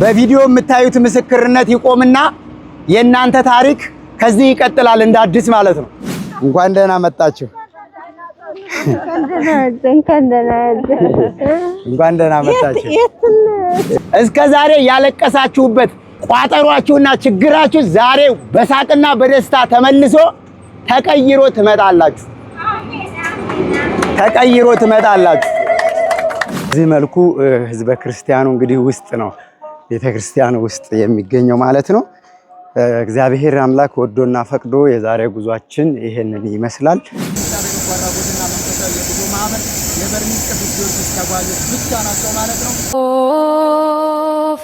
በቪዲዮ የምታዩት ምስክርነት ይቆምና የእናንተ ታሪክ ከዚህ ይቀጥላል እንደ አዲስ ማለት ነው። እንኳን ደህና መጣችሁ። እንኳን ደህና መጣችሁ። እስከ ዛሬ ያለቀሳችሁበት ቋጠሯችሁና ችግራችሁ ዛሬ በሳቅና በደስታ ተመልሶ ተቀይሮ ትመጣላችሁ። ተቀይሮ ትመጣላችሁ። በዚህ መልኩ ህዝበ ክርስቲያኑ እንግዲህ ውስጥ ነው ቤተክርስቲያን ውስጥ የሚገኘው ማለት ነው። እግዚአብሔር አምላክ ወዶና ፈቅዶ የዛሬ ጉዟችን ይሄንን ይመስላል።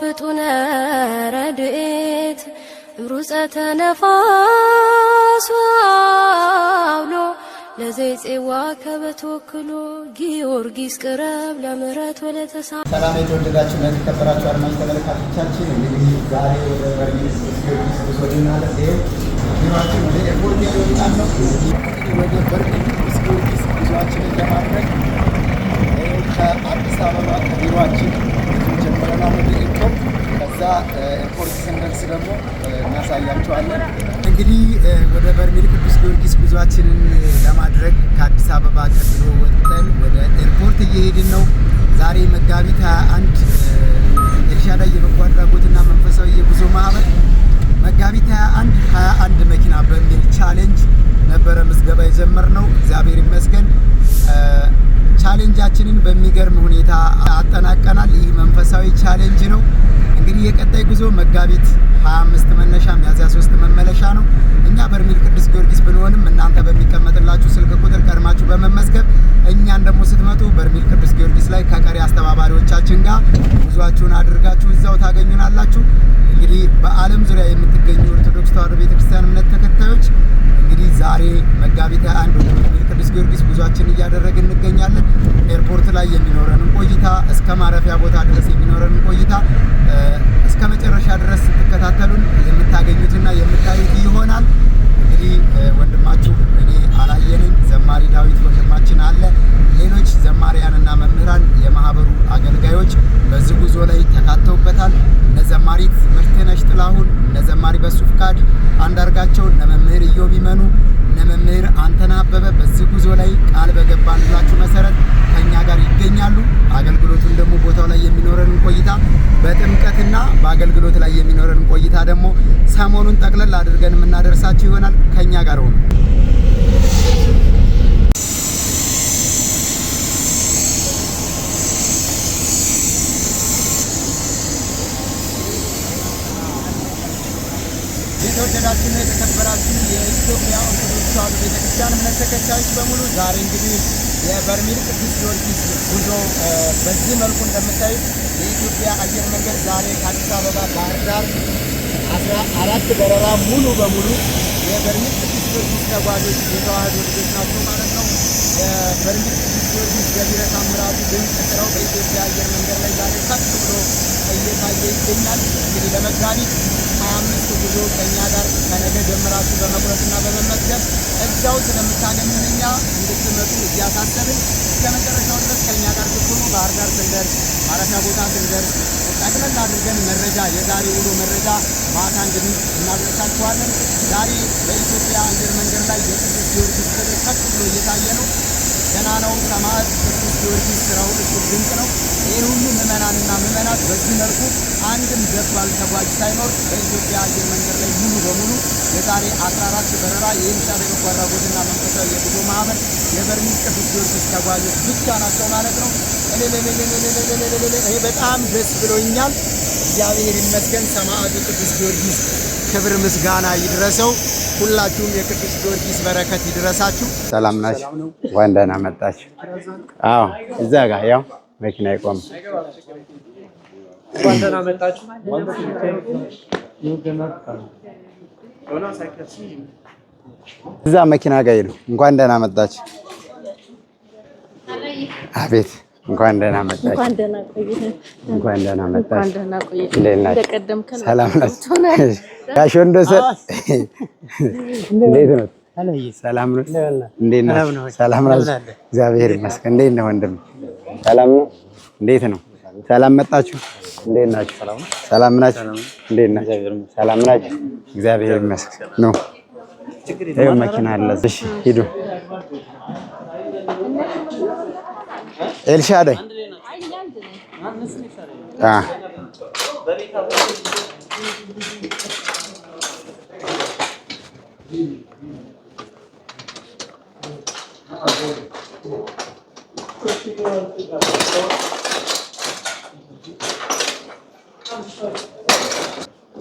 ፍጡነ ረድኤት ሩፀተ ነፋስ አውሎ ለዘይፄዋ ከበተወክሎ ጊዮርጊስ ቅረብ ለምህረት ወለተሳ ሰላም የተወደዳችሁ ነ የተከበራችሁ አድማጭ ተመልካቾቻችን እንግዲህ ዛሬ ወደ በርጊስ ጊዮርጊስ ጉዞድና ለማድረግ ከአዲስ አበባ ከቢሯችን ጀምረናል ወደዛ ኤርፖርት ስንደርስ ደግሞ እናሳያቸዋለን። እንግዲህ ወደ በርሜል ቅዱስ ጊዮርጊስ ጉዟችንን ለማድረግ ከአዲስ አበባ ቀጥሎ ወጥተን ወደ ኤርፖርት እየሄድን ነው። ዛሬ መጋቢት 21 ኤልሻዳይ የበጎ አድራጎትና መንፈሳዊ የጉዞ ማህበር መጋቢት 21 21 መኪና በሚል ቻሌንጅ ነበረ ምዝገባ የጀመርነው። እግዚአብሔር ይመስገን ቻሌንጃችንን በሚገርም ሁኔታ አጠናቀናል። ይህ መንፈሳዊ ቻሌንጅ ነው። እንግዲህ የቀጣይ ጉዞ መጋቢት 25 መነሻ ሚያዝያ 3 መመለሻ ነው። እኛ በርሜል ቅዱስ ጊዮርጊስ ብንሆንም እናንተ በሚቀመጥላችሁ ስልክ ቁጥር ቀድማችሁ በመመዝገብ እኛን ደግሞ ስትመጡ ላይ ከቀሪ አስተባባሪዎቻችን ጋር ጉዟችሁን አድርጋችሁ እዛው ታገኙናላችሁ። እንግዲህ በዓለም ዙሪያ የምትገኙ ኦርቶዶክስ ተዋሕዶ ቤተክርስቲያን እምነት ተከታዮች እንግዲህ ዛሬ መጋቢት አንድ ቅዱስ ጊዮርጊስ ጉዟችን እያደረግን እንገኛለን። ኤርፖርት ላይ የሚኖረንን ቆይታ እስከ ማረፊያ ቦታ ድረስ የሚኖረንን ቆይታ እስከ መጨረሻ ድረስ ስትከታተሉን የምታገኙትና የምታዩት ይሆናል። እንግዲህ ወንድማችሁ እኔ አላየንም ዘማሪ ዳዊት ወንድማችን አለ። ሌሎች ዘማሪያንና መምህራን የማህበሩ አገልጋዮች በዚህ ጉዞ ላይ ተካተውበታል። እነ ዘማሪት ምርትነሽ ጥላሁን፣ እነ ዘማሪ በሱ ፍቃድ አንዳርጋቸው፣ እነ መምህር እዮብ ይመኑ፣ እነ መምህር አንተና አበበ በዚህ ጉዞ ላይ ቃል በገባንላቸው የሚኖረንን ቆይታ በጥምቀትና በአገልግሎት ላይ የሚኖረንን ቆይታ ደግሞ ሰሞኑን ጠቅለል አድርገን የምናደርሳችሁ ይሆናል። ከኛ ጋር ሆኑ። የተወደዳችሁና የተከበራችሁ የኢትዮጵያ ኦርቶዶክስ ተዋሕዶ ቤተክርስቲያን እምነት ተከታዮች በሙሉ ዛሬ እንግዲህ የበርሜል ቅዱስ ጊዮርጊስ ጉዞ በዚህ መልኩ እንደምታዩት የኢትዮጵያ አየር መንገድ ዛሬ ከአዲስ አበባ ባህር ዳር አስራ አራት በረራ ሙሉ በሙሉ የበርሜል ቅዱስ ጊዮርጊስ ተጓዦች የተዋሕዶ ልጆች ናቸው ማለት ነው። በርሜል ቅዱስ ጊዮርጊስ ገቢረ ተአምራቱ ድንቅ ስራው በኢትዮጵያ አየር መንገድ ላይ ዛሬ ከፍ ብሎ እየታየ ይገኛል። እንግዲህ ለመጋቢት 25 አምስት ጉዞ ከእኛ ጋር ከነገ ጀምራችሁ በመቁረጥና በመመዝገብ እዚያው ስለምታገኙን እኛ እንድትመጡ እያሳሰብን እስከ መጨረሻው ድረስ ከእኛ ጋር ትኩኑ። ባህር ዳር ስንደርስ ማረፊያ ቦታ ስንደርስ ጠቅለል አድርገን መረጃ የዛሬ ውሎ መረጃ ማታ እንግዲህ እናደርሳችኋለን። ዛሬ በኢትዮጵያ አየር መንገድ ላይ የቅዱስ ጊዮርጊስ ክብር ከፍ ብሎ እየታየ ነው። ገና ነው ሰማዕት ጊዮርጊስ ስራው እጅግ ድንቅ ነው። ይህ ሁሉ ምዕመናንና ምዕመናት በዚህ መልኩ አንድም ደባል ተጓዥ ሳይኖር በኢትዮጵያ አየር መንገድ ላይ ሙሉ በሙሉ የዛሬ 14 በረራ የኢንሻ የበጎ አድራጎትና መንፈሳዊ የጉዞ ማህበር የበርሚ ቅዱስ ጊዮርጊስ ተጓዦች ብቻ ናቸው ማለት ነው። ይህ በጣም ደስ ብሎኛል። እግዚአብሔር ይመስገን። ሰማዕቱ ቅዱስ ጊዮርጊስ ክብር ምስጋና ይድረሰው። ሁላችሁም የቅዱስ ጊዮርጊስ በረከት ይድረሳችሁ። ሰላም ናችሁ? እንኳን ደህና መጣችሁ። አዎ፣ እዛ ጋር ያው መኪና ይቆም። እዛ መኪና ጋር ይሉ። እንኳን ደህና መጣችሁ። አቤት እንኳን ደህና መጣሽ። እንዴት ናችሁ? እንደቀደምከን እንዴት ነው? ሰላም ነው? እንዴት ናችሁ? እግዚአብሔር ይመስገን። እንዴት ነው ወንድም? ሰላም ነው? እንዴት ነው? ሰላም መጣችሁ? እንዴት ናችሁ? ሰላም ናችሁ? እንዴት ናችሁ? ሰላም ናችሁ? እግዚአብሔር ይመስገን ነው። መኪና አለ። እሺ ሂዱ ኤልሻዳይ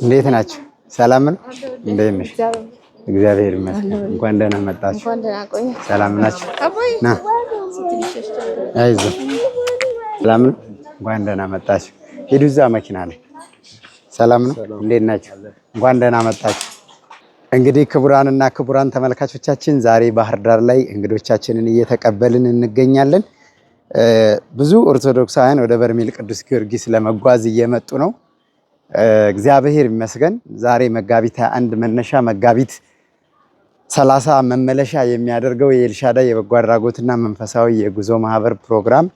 እንዴት ናቸው? ሰላም ነው። እንዴት ነሽ? እግዚአብሔር ይመስገን። እንኳን ደህና መጣችሁ። ሰላም ናችሁ? ና ሰላም ነው። እንኳን ደህና መጣችሁ። ሂዱ እዛ መኪና ላይ። ሰላም ነው። እንዴት ናችሁ? እንኳን ደህና መጣችሁ። እንግዲህ ክቡራንና ክቡራን ተመልካቾቻችን ዛሬ ባህር ዳር ላይ እንግዶቻችንን እየተቀበልን እንገኛለን። ብዙ ኦርቶዶክሳውያን ወደ በርሜል ቅዱስ ጊዮርጊስ ለመጓዝ እየመጡ ነው። እግዚአብሔር ይመስገን ዛሬ መጋቢት አንድ መነሻ መጋቢት ሰላሳ መመለሻ የሚያደርገው የኤልሻዳይ የበጎ አድራጎትና መንፈሳዊ የጉዞ ማህበር ፕሮግራም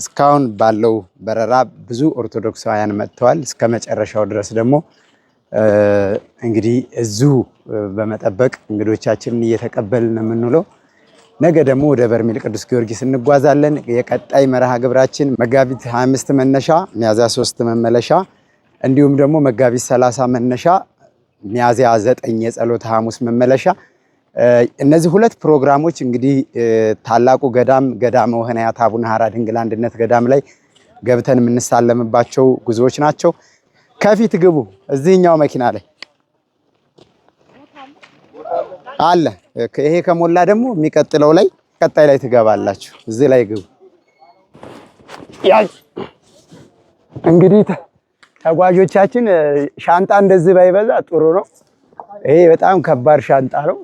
እስካሁን ባለው በረራ ብዙ ኦርቶዶክሳውያን መጥተዋል። እስከ መጨረሻው ድረስ ደግሞ እንግዲህ እዚሁ በመጠበቅ እንግዶቻችንን እየተቀበልን ነው የምንውለው። ነገ ደግሞ ወደ በርሜል ቅዱስ ጊዮርጊስ እንጓዛለን። የቀጣይ መርሃ ግብራችን መጋቢት 25 መነሻ፣ ሚያዝያ 3 መመለሻ እንዲሁም ደግሞ መጋቢት 30 መነሻ ሚያዝያ ዘጠኝ የጸሎተ ሐሙስ መመለሻ እነዚህ ሁለት ፕሮግራሞች እንግዲህ ታላቁ ገዳም ገዳመ ወህናያት አቡነ ሐራ ድንግል አንድነት ገዳም ላይ ገብተን የምንሳለምባቸው ጉዞዎች ናቸው። ከፊት ግቡ። እዚህኛው መኪና ላይ አለ። ይሄ ከሞላ ደግሞ የሚቀጥለው ላይ ቀጣይ ላይ ትገባላችሁ። እዚህ ላይ ግቡ። እንግዲህ ተጓዦቻችን ሻንጣ እንደዚህ ባይበዛ ጥሩ ነው። ይሄ በጣም ከባድ ሻንጣ ነው።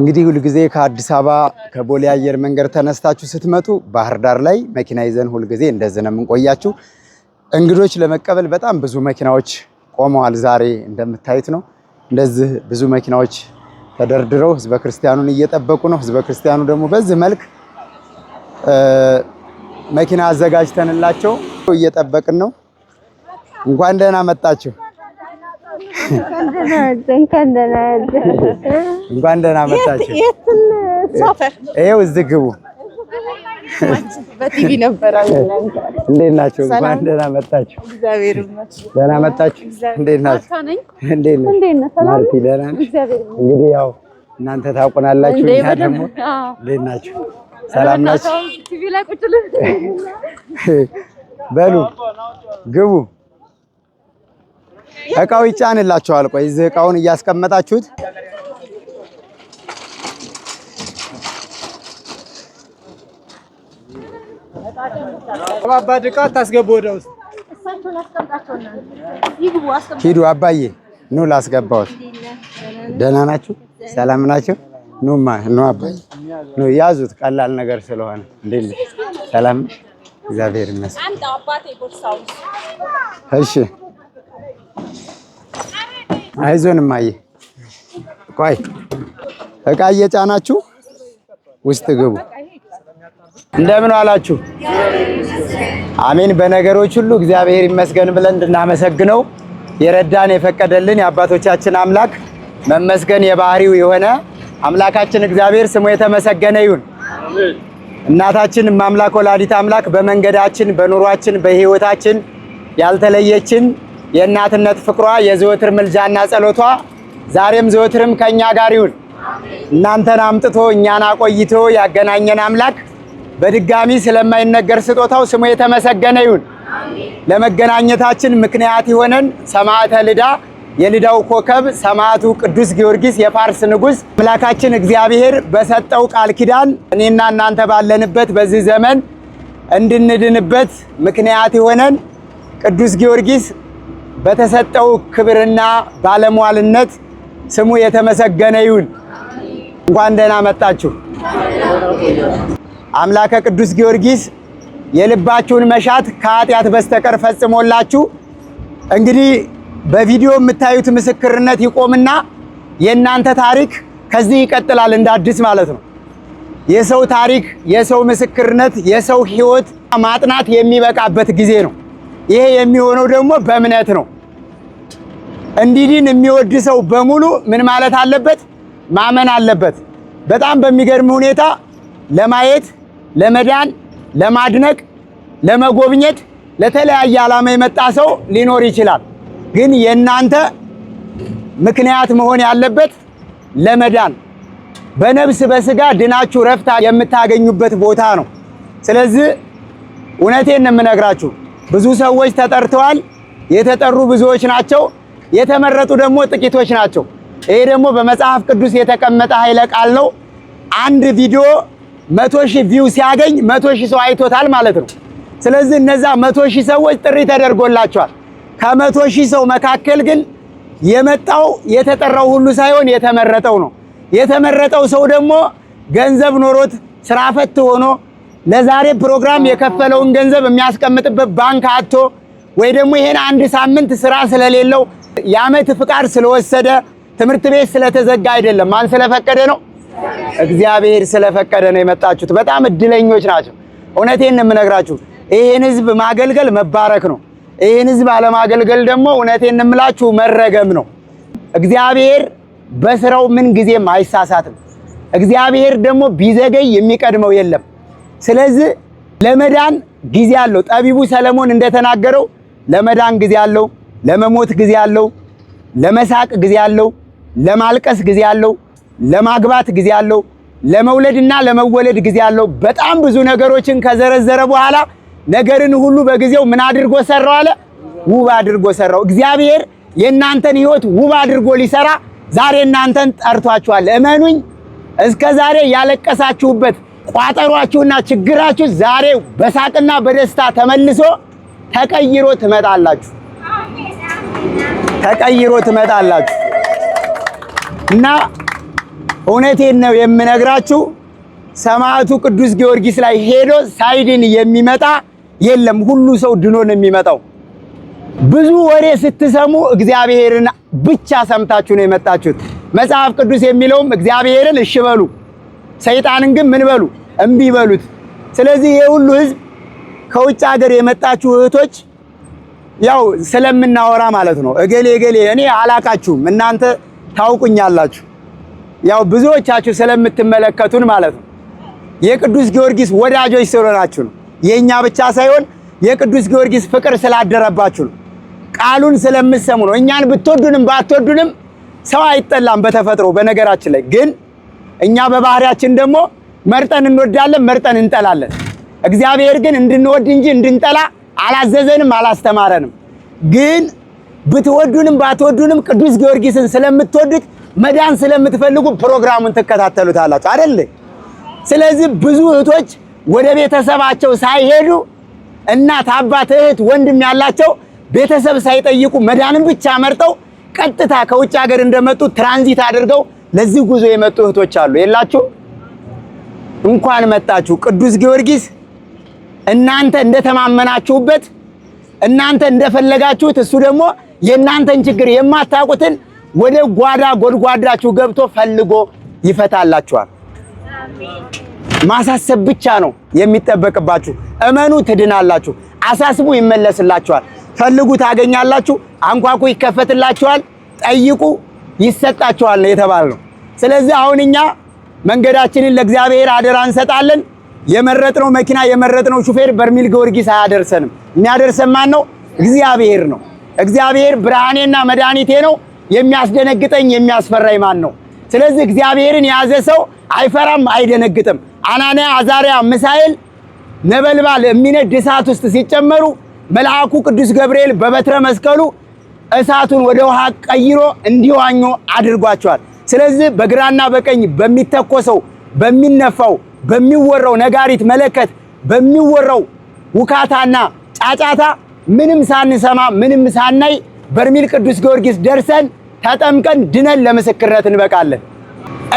እንግዲህ ሁልጊዜ ከአዲስ አበባ ከቦሌ አየር መንገድ ተነስታችሁ ስትመጡ ባህር ዳር ላይ መኪና ይዘን ሁልጊዜ እንደዚህ ነው የምንቆያችሁ። እንግዶች ለመቀበል በጣም ብዙ መኪናዎች ቆመዋል። ዛሬ እንደምታዩት ነው እንደዚህ ብዙ መኪናዎች ተደርድረው ህዝበ ክርስቲያኑን እየጠበቁ ነው። ህዝበ ክርስቲያኑ ደግሞ በዚህ መልክ መኪና አዘጋጅተንላቸው እየጠበቅን ነው። እንኳን ደህና መጣችሁ፣ እንኳን ደህና መጣችሁ። ይኸው እዚህ ግቡ በቲቪ ነበረ። እንዴት ናችሁ? እንኳን ደህና መጣችሁ። እግዚአብሔር ይመስገን። ደህና መጣችሁ። እንዴት ናችሁ? እንዴት ማርቲ ደህና ነሽ? እንግዲህ ያው እናንተ ታውቁናላችሁ። እኛ ደግሞ እንዴት ናችሁ? ሰላም ናችሁ? በሉ ግቡ። እቃው ይጫንላችኋል። ቆይ እዚህ እቃውን እያስቀመጣችሁት ከባባድ ዕቃ ታስገቡ ወደ ውስጥ ሂዱ። አባዬ ኑ ላስገባዎት። ደህና ናችሁ? ሰላም ናችሁ? ኑማ ኑ አባዬ ኑ ያዙት። ቀላል ነገር ስለሆነ እንዴት ሰላም እግዚአብሔር ይመስገን። እሺ አይዞን እማዬ። ቆይ ዕቃ እየጫናችሁ ውስጥ ግቡ። እንደምን አላችሁ? አሜን። በነገሮች ሁሉ እግዚአብሔር ይመስገን ብለን እንድናመሰግነው የረዳን የፈቀደልን የአባቶቻችን አምላክ መመስገን የባህሪው የሆነ አምላካችን እግዚአብሔር ስሙ የተመሰገነ ይሁን። እናታችን ማምላክ ወላዲት አምላክ በመንገዳችን በኑሯችን በህይወታችን ያልተለየችን የእናትነት ፍቅሯ የዘወትር ምልጃና ጸሎቷ ዛሬም ዘወትርም ከኛ ጋር ይሁን። እናንተን አምጥቶ እኛን አቆይቶ ያገናኘን አምላክ በድጋሚ ስለማይነገር ስጦታው ስሙ የተመሰገነ ይሁን። ለመገናኘታችን ምክንያት የሆነን ሰማዕተ ልዳ የልዳው ኮከብ ሰማዕቱ ቅዱስ ጊዮርጊስ የፋርስ ንጉሥ አምላካችን እግዚአብሔር በሰጠው ቃል ኪዳን እኔና እናንተ ባለንበት በዚህ ዘመን እንድንድንበት ምክንያት የሆነን ቅዱስ ጊዮርጊስ በተሰጠው ክብርና ባለሟልነት ስሙ የተመሰገነ ይሁን። እንኳን ደህና መጣችሁ። አምላከ ቅዱስ ጊዮርጊስ የልባችሁን መሻት ከኃጢአት በስተቀር ፈጽሞላችሁ እንግዲህ በቪዲዮ የምታዩት ምስክርነት ይቆምና የእናንተ ታሪክ ከዚህ ይቀጥላል እንደ አዲስ ማለት ነው። የሰው ታሪክ፣ የሰው ምስክርነት፣ የሰው ሕይወት ማጥናት የሚበቃበት ጊዜ ነው። ይሄ የሚሆነው ደግሞ በእምነት ነው። እንዲድን የሚወድ ሰው በሙሉ ምን ማለት አለበት? ማመን አለበት። በጣም በሚገርም ሁኔታ ለማየት ለመዳን፣ ለማድነቅ፣ ለመጎብኘት፣ ለተለያየ ዓላማ የመጣ ሰው ሊኖር ይችላል። ግን የእናንተ ምክንያት መሆን ያለበት ለመዳን በነፍስ በስጋ ድናችሁ ረፍታ የምታገኙበት ቦታ ነው። ስለዚህ እውነቴን ነው የምነግራችሁ። ብዙ ሰዎች ተጠርተዋል። የተጠሩ ብዙዎች ናቸው፣ የተመረጡ ደግሞ ጥቂቶች ናቸው። ይሄ ደግሞ በመጽሐፍ ቅዱስ የተቀመጠ ኃይለ ቃል ነው። አንድ ቪዲዮ መቶ ሺህ ቪው ሲያገኝ መቶ ሺህ ሰው አይቶታል ማለት ነው። ስለዚህ እነዛ መቶ ሺህ ሰዎች ጥሪ ተደርጎላቸዋል። ከመቶ ሺህ ሰው መካከል ግን የመጣው የተጠራው ሁሉ ሳይሆን የተመረጠው ነው። የተመረጠው ሰው ደግሞ ገንዘብ ኖሮት ስራ ፈት ሆኖ ለዛሬ ፕሮግራም የከፈለውን ገንዘብ የሚያስቀምጥበት ባንክ አጥቶ ወይ ደግሞ ይሄን አንድ ሳምንት ስራ ስለሌለው የአመት ፍቃድ ስለወሰደ ትምህርት ቤት ስለተዘጋ አይደለም፣ ማን ስለፈቀደ ነው እግዚአብሔር ስለፈቀደ ነው የመጣችሁት። በጣም እድለኞች ናቸው። እውነቴን የምነግራችሁ ይህን ህዝብ ማገልገል መባረክ ነው። ይህን ህዝብ አለማገልገል ደግሞ እውነቴን የምላችሁ መረገም ነው። እግዚአብሔር በስራው ምን ጊዜም አይሳሳትም። እግዚአብሔር ደግሞ ቢዘገይ የሚቀድመው የለም። ስለዚህ ለመዳን ጊዜ አለው። ጠቢቡ ሰለሞን እንደተናገረው ለመዳን ጊዜ አለው፣ ለመሞት ጊዜ አለው፣ ለመሳቅ ጊዜ አለው፣ ለማልቀስ ጊዜ አለው ለማግባት ጊዜ አለው፣ ለመውለድና ለመወለድ ጊዜ አለው። በጣም ብዙ ነገሮችን ከዘረዘረ በኋላ ነገርን ሁሉ በጊዜው ምን አድርጎ ሰራው አለ? ውብ አድርጎ ሰራው። እግዚአብሔር የእናንተን ህይወት ውብ አድርጎ ሊሰራ ዛሬ እናንተን ጠርቷችኋል። እመኑኝ፣ እስከ ዛሬ ያለቀሳችሁበት ቋጠሯችሁና ችግራችሁ ዛሬ በሳቅና በደስታ ተመልሶ ተቀይሮ ትመጣላችሁ። ተቀይሮ ትመጣላችሁ እና እውነቴን ነው የምነግራችሁ። ሰማዕቱ ቅዱስ ጊዮርጊስ ላይ ሄዶ ሳይድን የሚመጣ የለም። ሁሉ ሰው ድኖ ነው የሚመጣው። ብዙ ወሬ ስትሰሙ እግዚአብሔርን ብቻ ሰምታችሁ ነው የመጣችሁት። መጽሐፍ ቅዱስ የሚለውም እግዚአብሔርን እሺ በሉ፣ ሰይጣንን ግን ምን በሉ? እምቢ በሉት። ስለዚህ ይህ ሁሉ ህዝብ ከውጭ ሀገር የመጣችሁ እህቶች ያው ስለምናወራ ማለት ነው። እገሌ እገሌ እኔ አላቃችሁም፣ እናንተ ታውቁኛላችሁ። ያው ብዙዎቻችሁ ስለምትመለከቱን ማለት ነው የቅዱስ ጊዮርጊስ ወዳጆች ስለሆናችሁ ነው። የእኛ ብቻ ሳይሆን የቅዱስ ጊዮርጊስ ፍቅር ስላደረባችሁ ነው። ቃሉን ስለምትሰሙ ነው። እኛን ብትወዱንም ባትወዱንም ሰው አይጠላም በተፈጥሮ በነገራችን ላይ ግን እኛ በባህሪያችን ደግሞ መርጠን እንወዳለን፣ መርጠን እንጠላለን። እግዚአብሔር ግን እንድንወድ እንጂ እንድንጠላ አላዘዘንም፣ አላስተማረንም። ግን ብትወዱንም ባትወዱንም ቅዱስ ጊዮርጊስን ስለምትወዱት መዳን ስለምትፈልጉ ፕሮግራሙን ትከታተሉታላችሁ አይደል? ስለዚህ ብዙ እህቶች ወደ ቤተሰባቸው ሳይሄዱ እናት፣ አባት፣ እህት፣ ወንድም ያላቸው ቤተሰብ ሳይጠይቁ መዳንን ብቻ መርጠው ቀጥታ ከውጭ ሀገር እንደመጡ ትራንዚት አድርገው ለዚህ ጉዞ የመጡ እህቶች አሉ። የላችሁ እንኳን መጣችሁ። ቅዱስ ጊዮርጊስ እናንተ እንደተማመናችሁበት እናንተ እንደፈለጋችሁት እሱ ደግሞ የእናንተን ችግር የማታውቁትን ወደ ጓዳ ጎድጓዳችሁ ገብቶ ፈልጎ ይፈታላችኋል። ማሳሰብ ብቻ ነው የሚጠበቅባችሁ። እመኑ፣ ትድናላችሁ። አሳስቡ፣ ይመለስላችኋል። ፈልጉ፣ ታገኛላችሁ። አንኳኩ፣ ይከፈትላችኋል። ጠይቁ፣ ይሰጣችኋል ነው። ስለዚህ አሁን እኛ መንገዳችንን ለእግዚአብሔር አደራ እንሰጣለን። የመረጥነው መኪና የመረጥነው ሹፌር በርሜል ጊዮርጊስ አያደርሰንም። የሚያደርሰን ማን ነው? እግዚአብሔር ነው። እግዚአብሔርና መድኃኒቴ ነው የሚያስደነግጠኝ የሚያስፈራኝ ማን ነው? ስለዚህ እግዚአብሔርን የያዘ ሰው አይፈራም፣ አይደነግጥም። አናንያ፣ አዛርያ፣ ምሳኤል ነበልባል የሚነድ እሳት ውስጥ ሲጨመሩ መልአኩ ቅዱስ ገብርኤል በበትረ መስቀሉ እሳቱን ወደ ውሃ ቀይሮ እንዲዋኙ አድርጓቸዋል። ስለዚህ በግራና በቀኝ በሚተኮሰው በሚነፋው በሚወራው ነጋሪት መለከት በሚወራው ውካታና ጫጫታ ምንም ሳንሰማ ምንም ሳናይ በርሜል ቅዱስ ጊዮርጊስ ደርሰን ተጠምቀን ድነን ለምስክርነት እንበቃለን።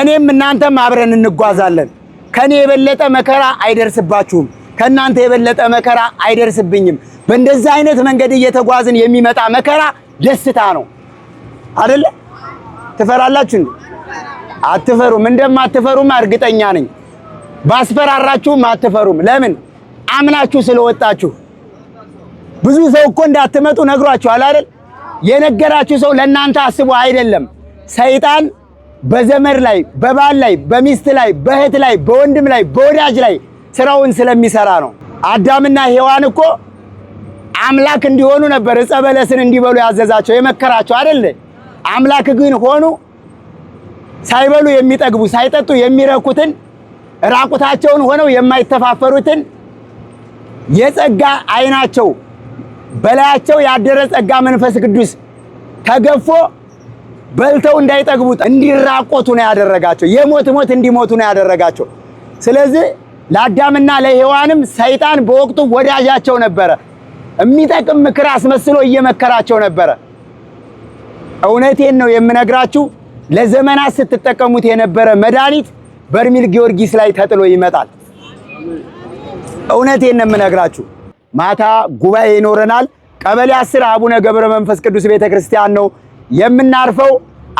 እኔም እናንተም አብረን እንጓዛለን። ከኔ የበለጠ መከራ አይደርስባችሁም፣ ከእናንተ የበለጠ መከራ አይደርስብኝም። በእንደዚህ አይነት መንገድ እየተጓዝን የሚመጣ መከራ ደስታ ነው አይደለ? ትፈራላችሁ እንዴ? አትፈሩም። እንደማትፈሩም እርግጠኛ ነኝ። ባስፈራራችሁም አትፈሩም። ለምን? አምናችሁ ስለወጣችሁ። ብዙ ሰው እኮ እንዳትመጡ ነግሯችኋል አይደል? የነገራችሁ ሰው ለእናንተ አስቦ አይደለም። ሰይጣን በዘመድ ላይ፣ በባል ላይ፣ በሚስት ላይ፣ በእህት ላይ፣ በወንድም ላይ፣ በወዳጅ ላይ ስራውን ስለሚሰራ ነው። አዳምና ሔዋን እኮ አምላክ እንዲሆኑ ነበር ዕፀ በለስን እንዲበሉ ያዘዛቸው የመከራቸው አይደለ? አምላክ ግን ሆኑ ሳይበሉ የሚጠግቡ ሳይጠጡ የሚረኩትን ራቁታቸውን ሆነው የማይተፋፈሩትን የጸጋ አይናቸው በላያቸው ያደረ ጸጋ መንፈስ ቅዱስ ተገፎ በልተው እንዳይጠግቡት እንዲራቆቱ ነው ያደረጋቸው። የሞት ሞት እንዲሞቱ ነው ያደረጋቸው። ስለዚህ ለአዳምና ለሔዋንም ሰይጣን በወቅቱ ወዳጃቸው ነበረ። የሚጠቅም ምክር አስመስሎ እየመከራቸው ነበረ። እውነቴን ነው የምነግራችሁ። ለዘመናት ስትጠቀሙት የነበረ መድኃኒት በርሜል ጊዮርጊስ ላይ ተጥሎ ይመጣል። እውነቴን ነው የምነግራችሁ። ማታ ጉባኤ ይኖረናል። ቀበሌ አስር አቡነ ገብረ መንፈስ ቅዱስ ቤተክርስቲያን ነው የምናርፈው።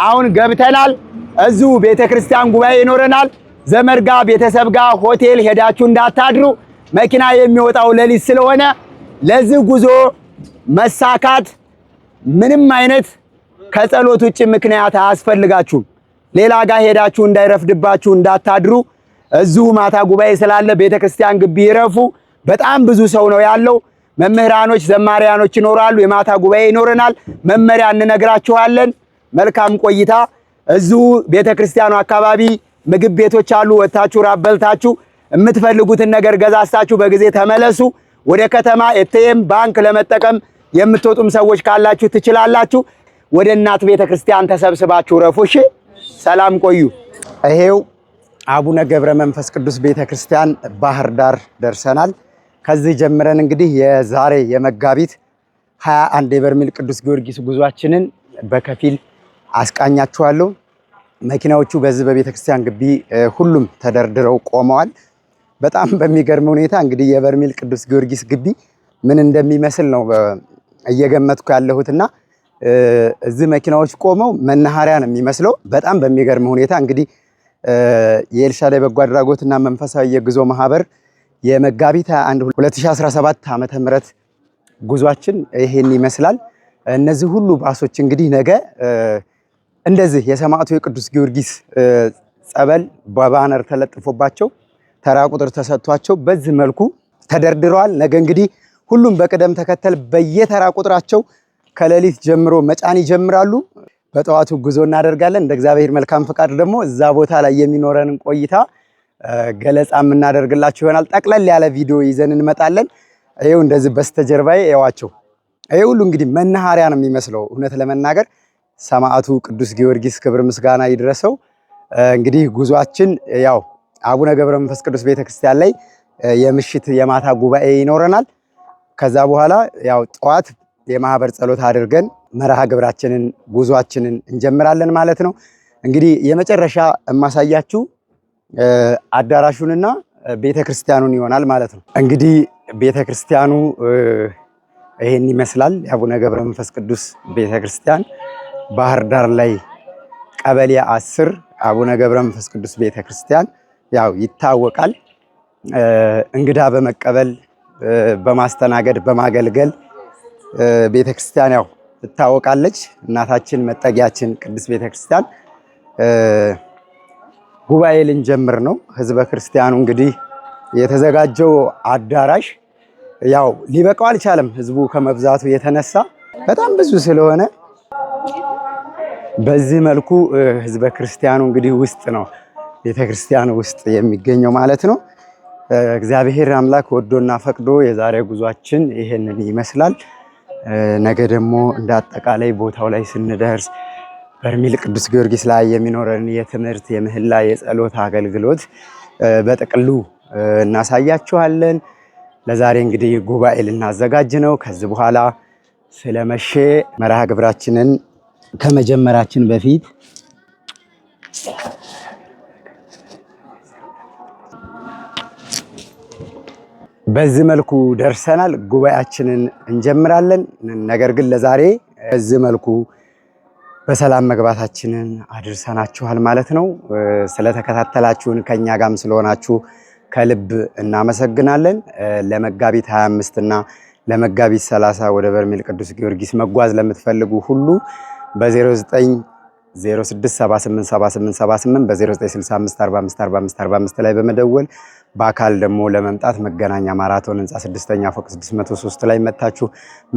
አሁን ገብተናል። እዚሁ ቤተክርስቲያን ጉባኤ ይኖረናል። ዘመድ ጋ ቤተሰብ ጋ ሆቴል ሄዳችሁ እንዳታድሩ። መኪና የሚወጣው ሌሊት ስለሆነ ለዚህ ጉዞ መሳካት ምንም አይነት ከጸሎት ውጭ ምክንያት አያስፈልጋችሁም። ሌላ ጋር ሄዳችሁ እንዳይረፍድባችሁ እንዳታድሩ። እዚሁ ማታ ጉባኤ ስላለ ቤተክርስቲያን ግቢ ይረፉ። በጣም ብዙ ሰው ነው ያለው። መምህራኖች፣ ዘማሪያኖች ይኖራሉ። የማታ ጉባኤ ይኖረናል። መመሪያ እንነግራችኋለን። መልካም ቆይታ። እዚሁ ቤተክርስቲያኑ አካባቢ ምግብ ቤቶች አሉ። ወታችሁ ራብ በልታችሁ የምትፈልጉትን ነገር ገዛስታችሁ በጊዜ ተመለሱ። ወደ ከተማ ኤቲኤም ባንክ ለመጠቀም የምትወጡም ሰዎች ካላችሁ ትችላላችሁ። ወደ እናት ቤተክርስቲያን ተሰብስባችሁ ረፎሽ ሰላም ቆዩ። ይሄው አቡነ ገብረ መንፈስ ቅዱስ ቤተክርስቲያን ባህር ዳር ደርሰናል። ከዚህ ጀምረን እንግዲህ የዛሬ የመጋቢት 21 የበርሜል ቅዱስ ጊዮርጊስ ጉዟችንን በከፊል አስቃኛችኋለሁ። መኪናዎቹ በዚህ በቤተክርስቲያን ግቢ ሁሉም ተደርድረው ቆመዋል። በጣም በሚገርም ሁኔታ እንግዲህ የበርሜል ቅዱስ ጊዮርጊስ ግቢ ምን እንደሚመስል ነው እየገመትኩ ያለሁትና እዚህ መኪናዎች ቆመው መናኸሪያ ነው የሚመስለው። በጣም በሚገርም ሁኔታ እንግዲህ የኤልሻዳይ በጎ አድራጎትና መንፈሳዊ የጉዞ ማህበር የመጋቢት 1 2017 ዓመተ ምህረት ጉዟችን ይሄን ይመስላል። እነዚህ ሁሉ ባሶች እንግዲህ ነገ እንደዚህ የሰማዕቱ የቅዱስ ጊዮርጊስ ጸበል በባነር ተለጥፎባቸው ተራ ቁጥር ተሰጥቷቸው በዚህ መልኩ ተደርድረዋል። ነገ እንግዲህ ሁሉም በቅደም ተከተል በየተራ ቁጥራቸው ከሌሊት ጀምሮ መጫን ይጀምራሉ። በጠዋቱ ጉዞ እናደርጋለን። እንደ እግዚአብሔር መልካም ፈቃድ ደግሞ እዛ ቦታ ላይ የሚኖረንን ቆይታ ገለጻ የምናደርግላችሁ ይሆናል። ጠቅለል ያለ ቪዲዮ ይዘን እንመጣለን። ይኸው እንደዚህ በስተጀርባዬ ያዋቸው ይህ ሁሉ እንግዲህ መናኸሪያ ነው የሚመስለው። እውነት ለመናገር ሰማዕቱ ቅዱስ ጊዮርጊስ ክብር ምስጋና ይድረሰው። እንግዲህ ጉዟችን ያው አቡነ ገብረ መንፈስ ቅዱስ ቤተክርስቲያን ላይ የምሽት የማታ ጉባኤ ይኖረናል። ከዛ በኋላ ያው ጠዋት የማህበር ጸሎት አድርገን መርሃ ግብራችንን ጉዟችንን እንጀምራለን ማለት ነው። እንግዲህ የመጨረሻ የማሳያችሁ አዳራሹንና ቤተክርስቲያኑን ይሆናል ማለት ነው። እንግዲህ ቤተክርስቲያኑ ይሄን ይመስላል። የአቡነ ገብረ መንፈስ ቅዱስ ቤተክርስቲያን ባህር ዳር ላይ ቀበሌ አስር አቡነ ገብረ መንፈስ ቅዱስ ቤተክርስቲያን ያው ይታወቃል። እንግዳ በመቀበል በማስተናገድ በማገልገል ቤተክርስቲያን ያው ትታወቃለች። እናታችን መጠጊያችን ቅድስት ቤተክርስቲያን ጉባኤ ልንጀምር ነው። ህዝበ ክርስቲያኑ እንግዲህ የተዘጋጀው አዳራሽ ያው ሊበቃው አልቻለም። ህዝቡ ከመብዛቱ የተነሳ በጣም ብዙ ስለሆነ በዚህ መልኩ ህዝበ ክርስቲያኑ እንግዲህ ውስጥ ነው ቤተክርስቲያን ውስጥ የሚገኘው ማለት ነው። እግዚአብሔር አምላክ ወዶና ፈቅዶ የዛሬ ጉዟችን ይሄንን ይመስላል። ነገ ደግሞ እንደ አጠቃላይ ቦታው ላይ ስንደርስ በርሜል ቅዱስ ጊዮርጊስ ላይ የሚኖረን የትምህርት የምህላ የጸሎት አገልግሎት በጥቅሉ እናሳያችኋለን። ለዛሬ እንግዲህ ጉባኤ ልናዘጋጅ ነው። ከዚህ በኋላ ስለመሼ መርሃ ግብራችንን ከመጀመራችን በፊት በዚህ መልኩ ደርሰናል። ጉባኤያችንን እንጀምራለን። ነገር ግን ለዛሬ በዚህ መልኩ በሰላም መግባታችንን አድርሰናችኋል ማለት ነው። ስለተከታተላችሁን ከኛ ጋም ስለሆናችሁ ከልብ እናመሰግናለን። ለመጋቢት 25 እና ለመጋቢት 30 ወደ በርሜል ቅዱስ ጊዮርጊስ መጓዝ ለምትፈልጉ ሁሉ በ09 06787878 በ0965454545 ላይ በመደወል በአካል ደግሞ ለመምጣት መገናኛ ማራቶን ህንፃ ስድስተኛ ፎቅ 603 ላይ መታችሁ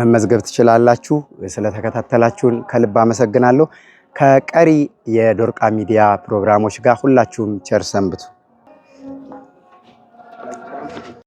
መመዝገብ ትችላላችሁ። ስለተከታተላችሁን ከልብ አመሰግናለሁ። ከቀሪ የዶርቃ ሚዲያ ፕሮግራሞች ጋር ሁላችሁም ቸር ሰንብቱ።